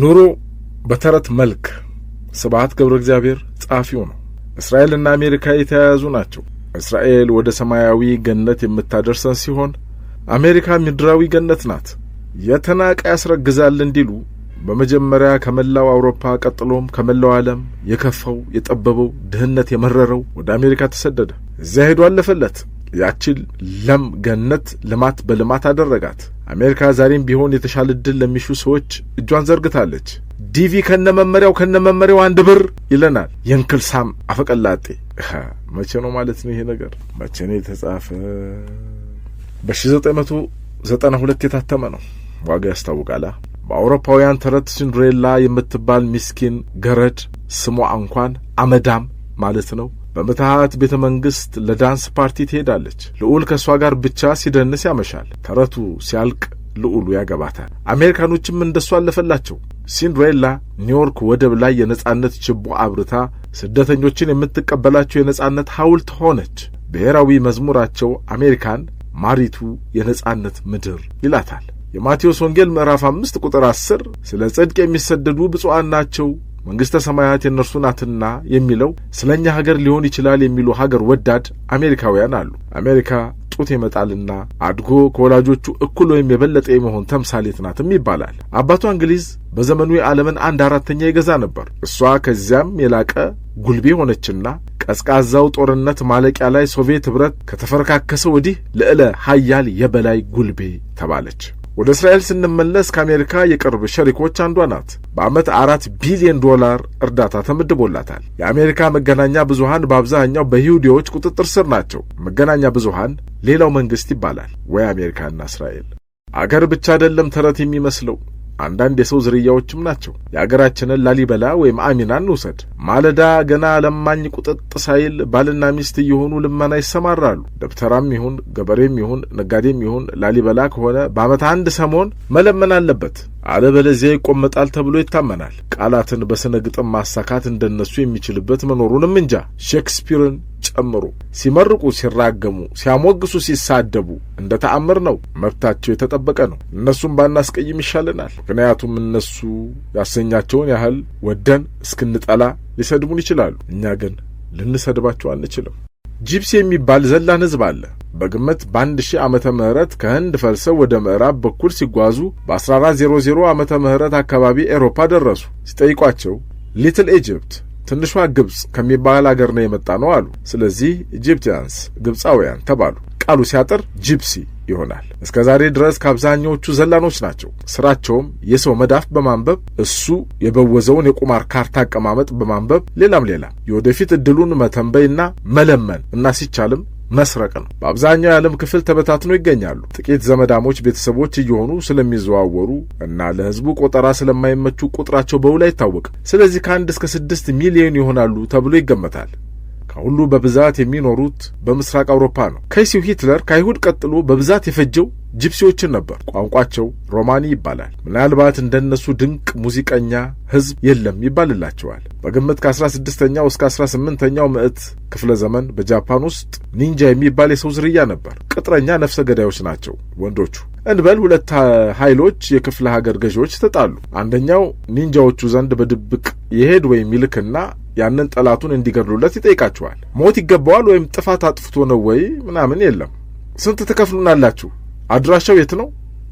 ኑሮ በተረት መልክ ስብሐት ገብረ እግዚአብሔር ጸሐፊው ነው። እስራኤልና አሜሪካ የተያያዙ ናቸው። እስራኤል ወደ ሰማያዊ ገነት የምታደርሰን ሲሆን አሜሪካ ምድራዊ ገነት ናት። የተናቀ ያስረግዛል እንዲሉ በመጀመሪያ ከመላው አውሮፓ ቀጥሎም ከመላው ዓለም የከፋው የጠበበው ድህነት የመረረው ወደ አሜሪካ ተሰደደ። እዚያ ሄዶ አለፈለት። ያችን ለም ገነት ልማት በልማት አደረጋት። አሜሪካ ዛሬም ቢሆን የተሻለ እድል ለሚሹ ሰዎች እጇን ዘርግታለች። ዲቪ ከነመመሪያው ከነመመሪያው አንድ ብር ይለናል። የእንክል ሳም አፈቀላጤ መቼ ነው ማለት ነው? ይሄ ነገር መቼ ነው የተጻፈ? በ1992 የታተመ ነው። ዋጋ ያስታውቃላ። በአውሮፓውያን ተረት ሲንድሬላ የምትባል ሚስኪን ገረድ ስሟ እንኳን አመዳም ማለት ነው በምትሃት ቤተ መንግሥት ለዳንስ ፓርቲ ትሄዳለች። ልዑል ከእሷ ጋር ብቻ ሲደንስ ያመሻል። ተረቱ ሲያልቅ ልዑሉ ያገባታል። አሜሪካኖችም እንደሷ አለፈላቸው። ሲንድሬላ ኒውዮርክ ወደብ ላይ የነጻነት ችቦ አብርታ ስደተኞችን የምትቀበላቸው የነጻነት ሐውልት ሆነች። ብሔራዊ መዝሙራቸው አሜሪካን ማሪቱ የነጻነት ምድር ይላታል። የማቴዎስ ወንጌል ምዕራፍ አምስት ቁጥር አስር ስለ ጽድቅ የሚሰደዱ ብፁዓን ናቸው መንግሥተ ሰማያት የእነርሱ ናትና የሚለው ስለ እኛ ሀገር ሊሆን ይችላል የሚሉ ሀገር ወዳድ አሜሪካውያን አሉ። አሜሪካ ጡት የመጣልና አድጎ ከወላጆቹ እኩል ወይም የበለጠ የመሆን ተምሳሌት ናትም ይባላል። አባቷ እንግሊዝ በዘመኑ የዓለምን አንድ አራተኛ ይገዛ ነበር። እሷ ከዚያም የላቀ ጉልቤ ሆነችና ቀዝቃዛው ጦርነት ማለቂያ ላይ ሶቪየት ኅብረት ከተፈረካከሰ ወዲህ ልዕለ ሀያል የበላይ ጉልቤ ተባለች። ወደ እስራኤል ስንመለስ ከአሜሪካ የቅርብ ሸሪኮች አንዷ ናት። በዓመት አራት ቢሊዮን ዶላር እርዳታ ተመድቦላታል። የአሜሪካ መገናኛ ብዙሃን በአብዛኛው በይሁዲዎች ቁጥጥር ስር ናቸው። መገናኛ ብዙሃን ሌላው መንግስት ይባላል ወይ አሜሪካና እስራኤል አገር ብቻ አይደለም ተረት የሚመስለው አንዳንድ የሰው ዝርያዎችም ናቸው። የአገራችንን ላሊበላ ወይም አሚናን እንውሰድ። ማለዳ ገና ለማኝ ቁጥጥ ሳይል ባልና ሚስት እየሆኑ ልመና ይሰማራሉ። ደብተራም ይሁን ገበሬም ይሁን ነጋዴም ይሁን ላሊበላ ከሆነ በዓመት አንድ ሰሞን መለመን አለበት፣ አለበለዚያ ይቆመጣል ተብሎ ይታመናል። ቃላትን በስነግጥም ግጥም ማሳካት እንደነሱ የሚችልበት መኖሩንም እንጃ ሼክስፒርን ጨምሮ ሲመርቁ፣ ሲራገሙ፣ ሲያሞግሱ፣ ሲሳደቡ እንደ ተአምር ነው። መብታቸው የተጠበቀ ነው። እነሱም ባናስቀይም ይሻለናል። ምክንያቱም እነሱ ያሰኛቸውን ያህል ወደን እስክንጠላ ሊሰድቡን ይችላሉ። እኛ ግን ልንሰድባቸው አንችልም። ጂፕሲ የሚባል ዘላን ህዝብ አለ። በግምት በአንድ ሺህ ዓመተ ምህረት ከህንድ ፈልሰው ወደ ምዕራብ በኩል ሲጓዙ በ1400 ዓመተ ምህረት አካባቢ ኤሮፓ ደረሱ። ሲጠይቋቸው ሊትል ኢጅፕት ትንሿ ግብጽ ከሚባል አገር ነው የመጣ ነው አሉ። ስለዚህ ኢጂፕቲያንስ ግብፃውያን ተባሉ። ቃሉ ሲያጥር ጂፕሲ ይሆናል። እስከ ዛሬ ድረስ ከአብዛኛዎቹ ዘላኖች ናቸው። ስራቸውም የሰው መዳፍ በማንበብ እሱ የበወዘውን የቁማር ካርታ አቀማመጥ በማንበብ ሌላም ሌላም የወደፊት እድሉን መተንበይና መለመን እና ሲቻልም መስረቅ ነው። በአብዛኛው የዓለም ክፍል ተበታትነው ይገኛሉ። ጥቂት ዘመዳሞች ቤተሰቦች እየሆኑ ስለሚዘዋወሩ እና ለህዝቡ ቆጠራ ስለማይመቹ ቁጥራቸው በውል አይታወቅም። ስለዚህ ከአንድ እስከ ስድስት ሚሊዮን ይሆናሉ ተብሎ ይገመታል። ከሁሉ በብዛት የሚኖሩት በምስራቅ አውሮፓ ነው። ከይሲው ሂትለር ከአይሁድ ቀጥሎ በብዛት የፈጀው ጂፕሲዎችን ነበር። ቋንቋቸው ሮማኒ ይባላል። ምናልባት እንደነሱ ድንቅ ሙዚቀኛ ህዝብ የለም ይባልላቸዋል። በግምት ከ16ኛው እስከ 18ኛው ምዕት ክፍለ ዘመን በጃፓን ውስጥ ኒንጃ የሚባል የሰው ዝርያ ነበር። ቅጥረኛ ነፍሰ ገዳዮች ናቸው ወንዶቹ። እንበል ሁለት ኃይሎች የክፍለ ሀገር ገዢዎች ተጣሉ። አንደኛው ኒንጃዎቹ ዘንድ በድብቅ የሄድ ወይም ይልክና ያንን ጠላቱን እንዲገድሉለት ይጠይቃቸዋል። ሞት ይገባዋል ወይም ጥፋት አጥፍቶ ነው ወይ ምናምን የለም። ስንት ትከፍሉናላችሁ አድራሻው የት ነው?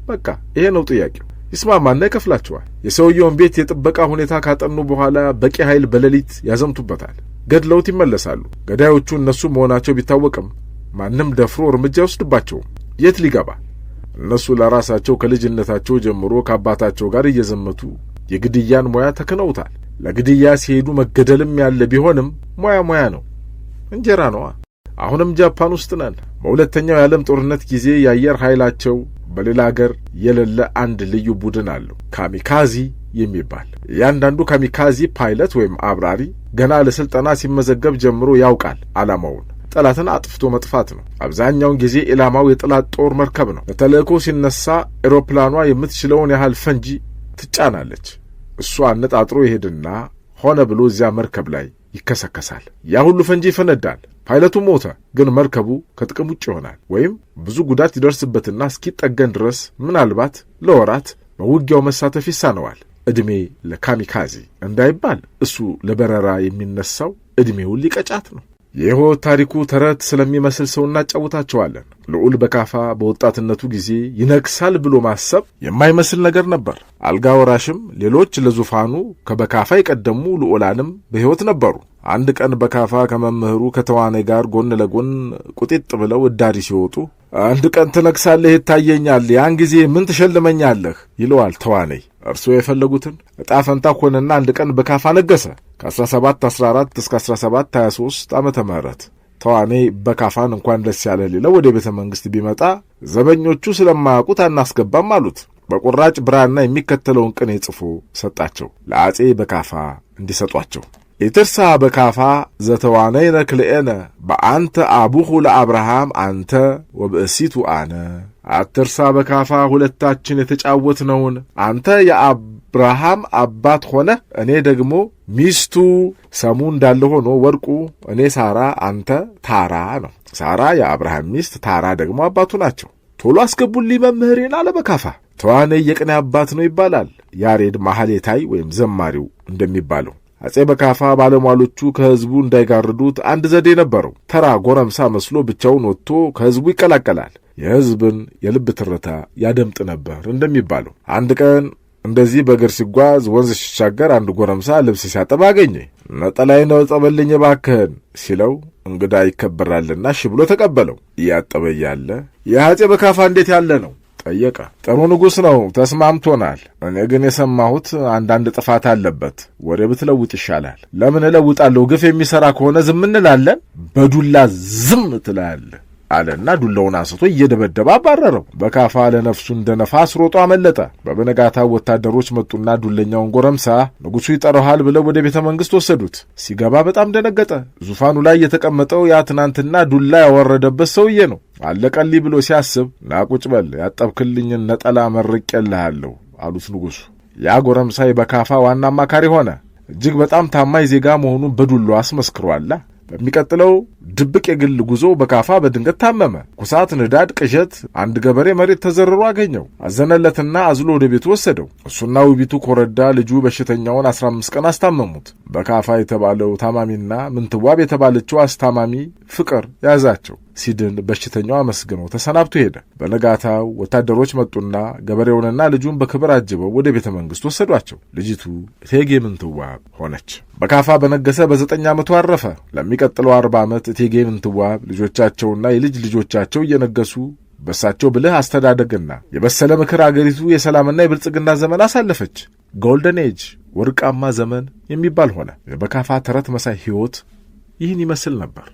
በቃ ይሄ ነው ጥያቄው። ይስማማና ይከፍላቸዋል። የሰውየውን ቤት የጥበቃ ሁኔታ ካጠኑ በኋላ በቂ ኃይል በሌሊት ያዘምቱበታል። ገድለውት ይመለሳሉ። ገዳዮቹ እነሱ መሆናቸው ቢታወቅም ማንም ደፍሮ እርምጃ አይወስድባቸውም። የት ሊገባ? እነሱ ለራሳቸው ከልጅነታቸው ጀምሮ ከአባታቸው ጋር እየዘመቱ የግድያን ሙያ ተክነውታል። ለግድያ ሲሄዱ መገደልም ያለ ቢሆንም ሙያ ሙያ ነው፣ እንጀራ ነዋ። አሁንም ጃፓን ውስጥ ነን። በሁለተኛው የዓለም ጦርነት ጊዜ የአየር ኃይላቸው በሌላ አገር የሌለ አንድ ልዩ ቡድን አለው ካሚካዚ የሚባል። እያንዳንዱ ካሚካዚ ፓይለት ወይም አብራሪ ገና ለሥልጠና ሲመዘገብ ጀምሮ ያውቃል ዓላማውን ጠላትን አጥፍቶ መጥፋት ነው። አብዛኛውን ጊዜ ኢላማው የጠላት ጦር መርከብ ነው። በተልእኮ ሲነሳ ኤሮፕላኗ የምትችለውን ያህል ፈንጂ ትጫናለች። እሱ አነጣጥሮ ይሄድና ሆነ ብሎ እዚያ መርከብ ላይ ይከሰከሳል። ያ ሁሉ ፈንጂ ይፈነዳል። ፓይለቱ ሞተ፣ ግን መርከቡ ከጥቅም ውጭ ይሆናል ወይም ብዙ ጉዳት ይደርስበትና እስኪጠገን ድረስ ምናልባት ለወራት በውጊያው መሳተፍ ይሳነዋል። ዕድሜ ለካሚካዚ እንዳይባል እሱ ለበረራ የሚነሳው ዕድሜውን ሊቀጫት ነው። የሕይወት ታሪኩ ተረት ስለሚመስል ሰው እናጫውታቸዋለን። ልዑል በካፋ በወጣትነቱ ጊዜ ይነግሳል ብሎ ማሰብ የማይመስል ነገር ነበር። አልጋ ወራሽም ሌሎች ለዙፋኑ ከበካፋ የቀደሙ ልዑላንም በሕይወት ነበሩ። አንድ ቀን በካፋ ከመምህሩ ከተዋኔ ጋር ጎን ለጎን ቁጢጥ ብለው እዳሪ ሲወጡ አንድ ቀን ትነግሳለህ ይታየኛል፣ ያን ጊዜ ምን ትሸልመኛለህ ይለዋል ተዋኔ እርስዎ የፈለጉትን እጣ ፈንታ ሆነና አንድ ቀን በካፋ ነገሰ። ከ1714 እስከ 1723 ዓ ምህረት ተዋኔ በካፋን እንኳን ደስ ያለ ሌለው ወደ ቤተ መንግሥት ቢመጣ ዘበኞቹ ስለማያውቁት አናስገባም አሉት። በቁራጭ ብራና የሚከተለውን ቅኔ ጽፎ ሰጣቸው፣ ለአፄ በካፋ እንዲሰጧቸው ኢትርሳ በካፋ ዘተዋነይነ ክልኤነ በአንተ አቡሁ ለአብርሃም አንተ ወብእሲቱ አነ። አትርሳ በካፋ ሁለታችን የተጫወትነውን አንተ የአብርሃም አባት ሆነ እኔ ደግሞ ሚስቱ። ሰሙ እንዳለ ሆኖ ወርቁ እኔ ሳራ አንተ ታራ ነው። ሳራ የአብርሃም ሚስት፣ ታራ ደግሞ አባቱ ናቸው። ቶሎ አስገቡልኝ መምህሬን አለ በካፋ። ተዋነይ የቅኔ አባት ነው ይባላል፣ ያሬድ ማህሌታይ ወይም ዘማሪው እንደሚባለው አጼ በካፋ ባለሟሎቹ ከህዝቡ እንዳይጋርዱት አንድ ዘዴ ነበረው። ተራ ጎረምሳ መስሎ ብቻውን ወጥቶ ከህዝቡ ይቀላቀላል። የህዝብን የልብ ትርታ ያደምጥ ነበር እንደሚባለው። አንድ ቀን እንደዚህ በእግር ሲጓዝ ወንዝ ሲሻገር አንድ ጎረምሳ ልብስ ሲያጠብ አገኘ። ነጠላይ ነው ጠበልኝ ባክህን ሲለው እንግዳ ይከበራልና ሽ ብሎ ተቀበለው። እያጠበ ያለ የአፄ በካፋ እንዴት ያለ ነው ጠየቀ። ጥሩ ንጉሥ ነው፣ ተስማምቶናል። እኔ ግን የሰማሁት አንዳንድ ጥፋት አለበት፣ ወደ ብትለውጥ ይሻላል። ለምን እለውጣለሁ? ግፍ የሚሠራ ከሆነ ዝም እንላለን። በዱላ ዝም ትላለህ አለና ዱላውን አንስቶ እየደበደበ አባረረው። በካፋ ለነፍሱ እንደ ነፋስ ሮጦ አመለጠ። በበነጋታ ወታደሮች መጡና ዱለኛውን ጎረምሳ ንጉሡ ይጠራሃል ብለው ወደ ቤተ መንግሥት ወሰዱት። ሲገባ በጣም ደነገጠ። ዙፋኑ ላይ የተቀመጠው ያ ትናንትና ዱላ ያወረደበት ሰውዬ ነው። አለቀልኝ ብሎ ሲያስብ ናቁጭ በል ያጠብክልኝን ነጠላ መርቄልሃለሁ አሉት ንጉሡ። ያ ጎረምሳይ በካፋ ዋና አማካሪ ሆነ። እጅግ በጣም ታማኝ ዜጋ መሆኑን በዱሎ አስመስክሯላ። በሚቀጥለው ድብቅ የግል ጉዞ በካፋ በድንገት ታመመ። ኩሳት፣ ንዳድ፣ ቅዠት አንድ ገበሬ መሬት ተዘርሮ አገኘው። አዘነለትና አዝሎ ወደ ቤቱ ወሰደው። እሱና ውቢቱ ኮረዳ ልጁ በሽተኛውን 15 ቀን አስታመሙት። በካፋ የተባለው ታማሚና ምንትዋብ የተባለችው አስታማሚ ፍቅር ያዛቸው። ሲድን በሽተኛው አመስግኖ ተሰናብቶ ሄደ። በነጋታው ወታደሮች መጡና ገበሬውንና ልጁን በክብር አጅበው ወደ ቤተ መንግሥቱ ወሰዷቸው። ልጅቱ እቴጌ ምንትዋብ ሆነች። በካፋ በነገሰ በዘጠኝ ዓመቱ አረፈ። ለሚቀጥለው አርባ ዓመት እቴጌ ምንትዋብ ልጆቻቸውና የልጅ ልጆቻቸው እየነገሱ በእሳቸው ብልህ አስተዳደግና የበሰለ ምክር አገሪቱ የሰላምና የብልጽግና ዘመን አሳለፈች። ጎልደን ኤጅ ወርቃማ ዘመን የሚባል ሆነ። የበካፋ ተረት መሳይ ሕይወት ይህን ይመስል ነበር።